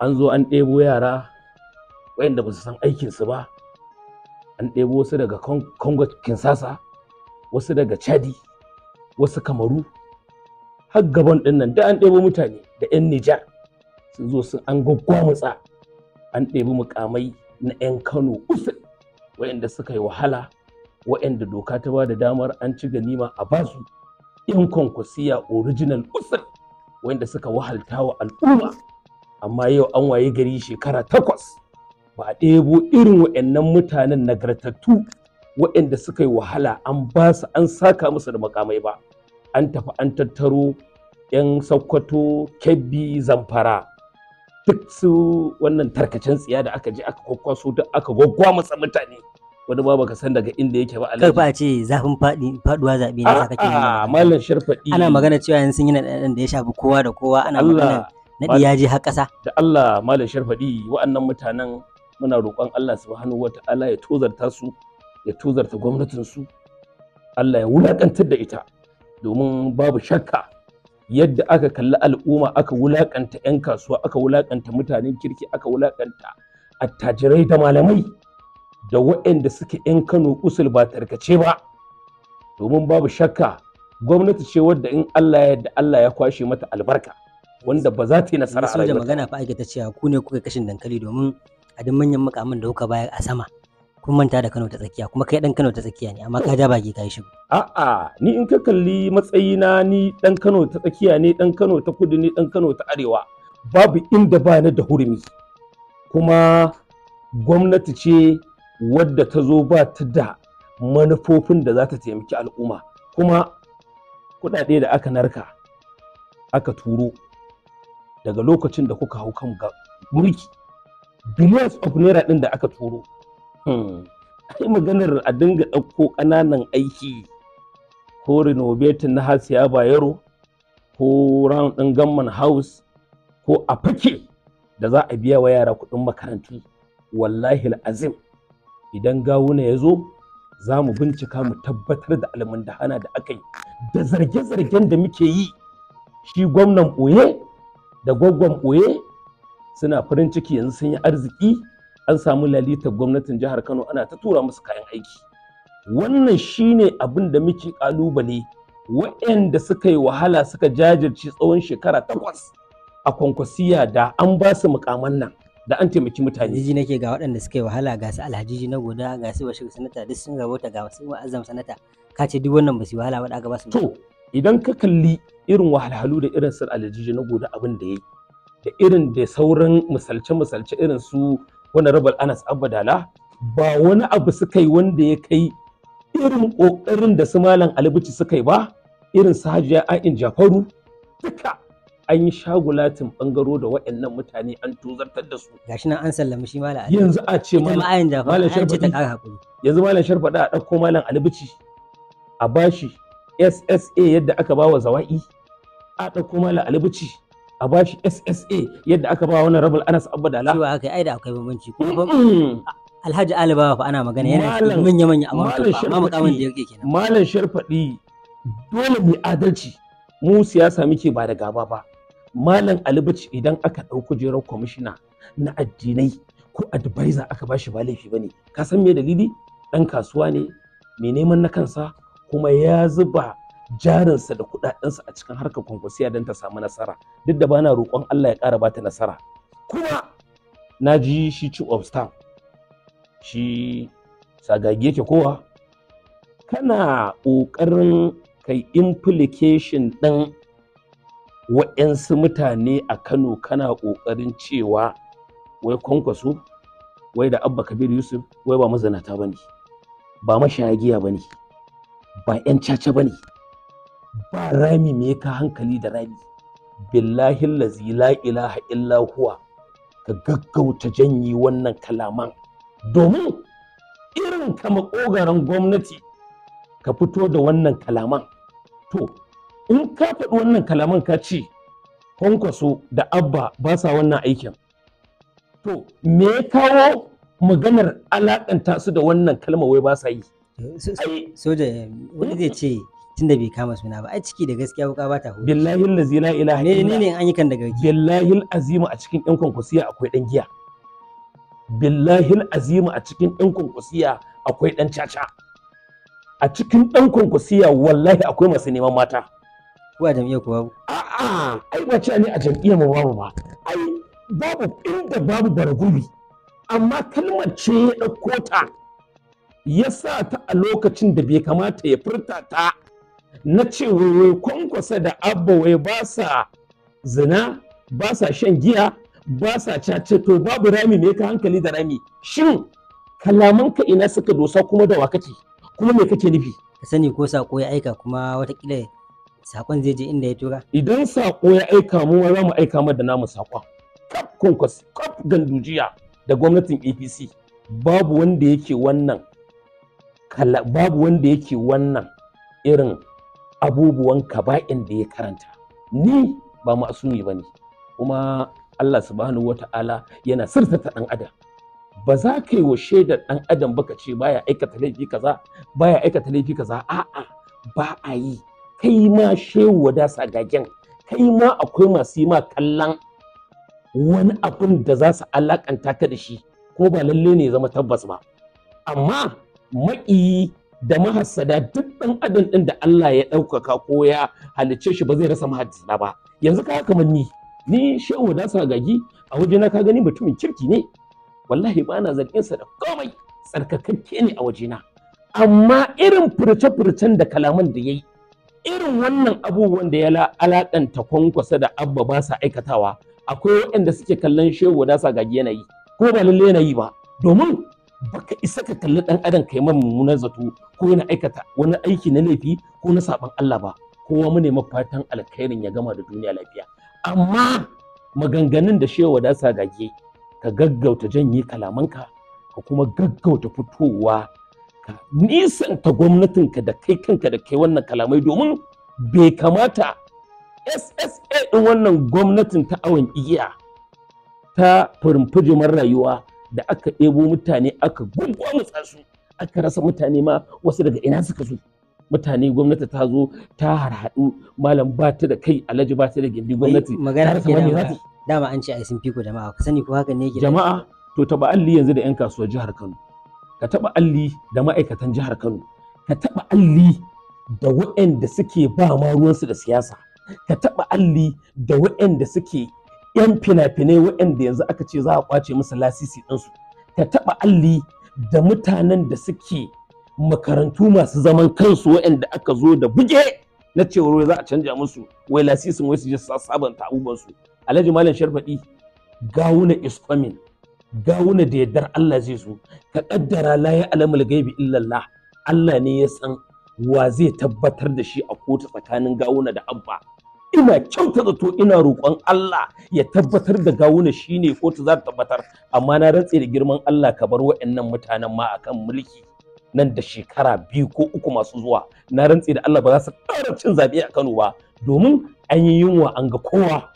an zo an ɗebo yara wayanda ba su san aikinsu ba an ɗebo wasu daga congo kinsasa wasu daga chadi wasu kamaru har gaban ɗin nan da an ɗebo mutane da 'yan nijar sun zo sun an mutsa an ɗebi mukamai na 'yan kano usul wayanda suka yi wahala wayanda doka ta ba da damar an ci ganima a basu 'yan kwankwasiya original usul wayanda suka wahalta wa al'umma amma yau an waye gari shekara takwas ba a ɗebo irin wa'annan mutanen nagartattu wa'anda suka yi wahala an ba su an saka musu da makamai ba an tafi an tattaro 'yan sokoto kebbi zamfara duk su wannan tarkacen tsiya da aka je aka kwakwaso duk aka gwaggwa masa mutane wani ba baka san daga inda yake ba kai ce zafin faɗi faɗuwa zaɓe ne saka ke a malam sharfaɗi ana magana cewa yanzu sun yi da ya shafi kowa da kowa ana magana Naɗi ya je har Da Allah Malam Sharfaɗi wa'annan mutanen muna roƙon Allah subhanahu Wata'ala, ya tozarta su ya tozarta su Allah ya wulaƙantar da ita domin babu shakka yadda aka kalli al'umma aka wulaƙanta 'yan kasuwa aka wulakanta mutanen kirki aka wulakanta attajirai da malamai da waɗanda suke 'yan Kano usul ba tarkace ba domin babu shakka gwamnati ce wadda in Allah ya yarda Allah ya kwashe mata albarka wanda ba za ta yi nasara a rayuwa magana fa ake ta cewa ku ne kuka kashin dankali domin a duk manyan mukamin da kuka bayar a sama kun manta da Kano ta tsakiya kuma kai dan Kano ta tsakiya ne amma ka ja baki kai shigo a'a ni in ka kalli matsayina ni dan Kano ta tsakiya ne dan Kano ta kudu ne dan Kano ta arewa babu inda ba da hurumi kuma gwamnati ce wadda ta zo ba ta da manufofin da za ta taimaki al'umma kuma kuɗaɗe da aka narka aka turo daga lokacin da kuka hau kan mulki billions of naira ɗin da aka turo hmm. ai maganar a dinga ɗauko ƙananan aiki ko renovating na hasiya bayero ko round ɗin gamman house ko a fake da za a biya wa yara kuɗin makarantu wallahi azim idan gawuna ya zo za mu bincika mu tabbatar da almundahana da aka yi da zarge-zargen da muke yi shi gwamnan ɓoye da gwaggon ɓoye suna farin ciki yanzu sun yi arziki an samu lalitar gwamnatin jihar kano ana ta tura musu kayan aiki wannan shine abin da muke kalubale waɗanda suka yi wahala suka jajirce tsawon shekara takwas a kwankwasiya da an ba su mukaman nan da an taimaki mutane. Jiji nake ga waɗanda suka yi wahala ga su alhajiji na goda ga su bashir sanata duk sun rabota ga wasu azam sanata ka ce duk wannan ba su wahala ba da ba su. To idan ka kalli irin wahalhalu da irin sir aljiji na goda abin da ya yi da irin da sauran misalce-misalce irin su wani rabal anas abadala ba wani abu suka yi wanda ya kai irin ƙoƙarin da su malam alibici suka yi ba irin su hajiya a'in jafaru duka an yi shagulatin bangaro da waɗannan mutane an tozartar da su gashi nan an sallami shi malam yanzu a ce malam a'in jafaru an ce ta ƙara hakuri yanzu malam sharfaɗa a ɗauko malam alibici a bashi SSA yadda aka ba wa zawa'i a ɗauko mala alibici a ba shi SSA yadda aka ba wani rabul Anas Abdala. Cewa aka ai da akwai bambanci. Alhaji Alibawa fa ana magana yana cikin manya manya amma amma makamin da yake kenan. Malam Sharfadi dole mu adalci mu siyasa muke ba da gaba ba. Malam alibici idan aka ɗauko jerar kwamishina na addinai ko advisor aka shi ba laifi bane. Ka san me dalili? dan kasuwa ne mai neman na kansa kuma ya zuba jarinsa da kuɗaɗensa a cikin harkar kwankwasiya don ta samu nasara duk da bana roƙon Allah ya ƙara bata nasara kuma na ji shi chief of staff shi sagage yake kowa kana ƙoƙarin kai implication ɗin wa'yansu mutane a Kano kana ƙoƙarin cewa wai kwankwaso wai da abba kabir yusuf wai ba mazinata ba ne ba mashayagiya ba ne ba 'yan caca ba ne ba rami me ka hankali da rami billahi lazi la ilaha illa huwa ka gaggauta janyi wannan kalaman domin irin ka makogaran gwamnati ka fito da wannan kalaman to in ka faɗi wannan kalaman ka ce kwankwaso da abba ba sa wannan aikin to me ya kawo maganar alakanta su da wannan kalma wai ba sa yi soja wani hmm? zai ce tunda bai kama suna ba ai ciki da gaskiya wuka ba ta hudu billahi la ilaha illa ne ne an yi kan daga billahi azima a cikin ɗan kwankwasiya akwai dan giya billahi azima a cikin ɗan kwankwasiya akwai dan caca a cikin ɗan kwankwasiya wallahi akwai masu neman mata ko a jam'iyyar ku babu a'a ai ci ne a jam'iyyar mu babu ba ai babu inda babu baragumi amma kalmar ce ya dauko ta ya sa ta a lokacin da bai kamata ya furta ta na ce cewa kwankwasa da abawai ba sa zina ba sa shan giya ba sa cace to babu rami me ka hankali da rami shin kalamanka ina suka dosa kuma da wa kake kuma me kake nufi ka sani ko sako ya aika kuma watakila sakon zai je inda ya tura idan sako ya aika mu za mu aika mu da namu sakon kaf kwankwasa kaf gandujiya da gwamnatin APC babu wanda yake wannan irin abubuwan kaba'in da ya karanta ni ba ma'asumi ba ne kuma Allah subhanahu wata'ala yana sirtata ɗan adam ba za ka yi wa shaidar ɗan adam ba ka ce baya aikata laifi kaza baya aikata laifi kaza a'a ba a yi kai ma shewa wada sagagen kai ma akwai masu yi ma kallon wani abin da za su alakanta ka da shi ko ba lalle ne zama tabbas ba amma maƙiyi da mahassada duk ɗan adam ɗin da Allah ya ɗaukaka ko ya halicce shi ba zai rasa mahassada ba yanzu ka kamar ni ni shehu da sa gagi a wajena ka gani mutumin kirki ne wallahi ba na zargin sa da komai tsarkakakke ne a wajena amma irin furce-furcen da kalaman da yayi irin wannan abubuwan da ya alaƙanta kwankwasa da abba ba sa aikatawa akwai waɗanda suke kallon shehu da sa gagi yanayi ko ba lalle yanayi ba domin baka isa ka kalli dan adam kai man mummunan zato ko yana aikata wani aiki na laifi ko na saban Allah ba kowa mu nemi fatan alkhairin ya gama da duniya lafiya amma maganganun da shewa da sa gage ka gaggauta janye kalamanka ka kuma gaggauta fitowa ka nisanta gwamnatinka da kai kanka da kai wannan kalamai domin bai kamata SSA din wannan gwamnatin ta awon igiya ta furfujimar rayuwa da aka ɗebo mutane aka gungwamutsa su aka rasa mutane ma wasu daga ina suka zo mutane gwamnati ta zo ta harhaɗu malam ba ta da kai alhaji ba ta da gindi gwamnati magana ta Da dama an ce a sun fiko jama'a ka sani ko haka ne ke jama'a to taba alli yanzu da yan kasuwar jihar Kano ka taba alli da ma'aikatan jihar Kano ka taba alli da waɗanda suke ba ma ruwansu da siyasa ka taba alli da waɗanda suke 'yan fina-finai waɗanda yanzu aka ce za a kwace musu lasisi ɗinsu ta taɓa alli da mutanen da suke makarantu masu zaman kansu waɗanda aka zo da buge na cewar za a canja musu wai lasisin wai su je sabanta abubuwansu alhaji malam sharfaɗi gawuna iskomin gawuna da yardar Allah zai zo ka ƙaddara layi alamul gaibi illallah Allah ne ya san wa zai tabbatar da shi a kotu tsakanin gawuna da abba ina kyauta zato ina roƙon Allah ya tabbatar da gawuna shine ta za ta tabbatar amma na rantse da girman Allah ka bar wa'annan mutanen ma akan mulki nan da shekara biyu ko uku masu zuwa na rantse da Allah ba za su ƙara cin zaɓe a Kano ba domin an yi yunwa an ga kowa